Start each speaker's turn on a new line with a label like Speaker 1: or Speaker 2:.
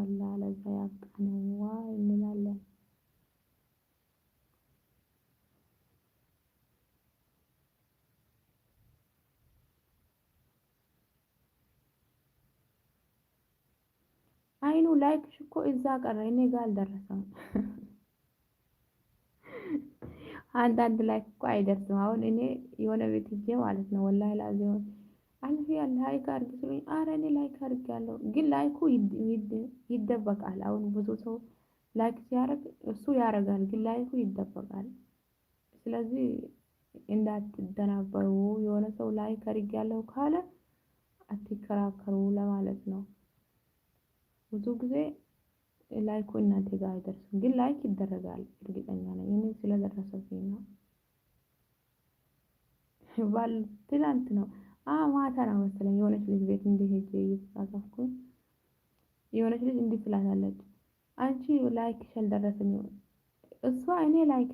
Speaker 1: አላ ለዛ ያብቃን ዋ እንላለን። አይኑ ላይክሽ እኮ እዛ ቀረ፣ እኔ ጋር አልደረሰም። አንዳንድ ላይክ እኮ አይደርስም። አሁን እኔ የሆነ ቤት ሂጄ ማለት ነው ወላሂ ላዚሆን አንቺ ላይክ አድርጊ ሲሉኝ አረ እኔ ላይክ አርጊያለሁ፣ ግን ላይኩ ይደበቃል። አሁን ብዙ ሰው ላይክ ሲያረግ እሱ ያደርጋል፣ ግን ላይኩ ይደበቃል። ስለዚህ እንዳትደናበሩ የሆነ ሰው ላይክ አርጊያለሁ ካለ አትከራከሩ ለማለት ነው። ብዙ ጊዜ ላይኩ እናንተ ጋር አይደርስም፣ ግን ላይክ ይደረጋል። እርግጠኛ ነኝ እኔ ስለደረሰብኝ ነው። ባል ትላንት ነው ማተራ መሰለኝ የሆነች ልጅ ቤት እንደሄጀ እየተጻጻፍኩ የሆነች ልጅ እንዲህ ትላታለች፣ አንቺ ላይክሽ አልደረስም። እሷ እኔ ላይክ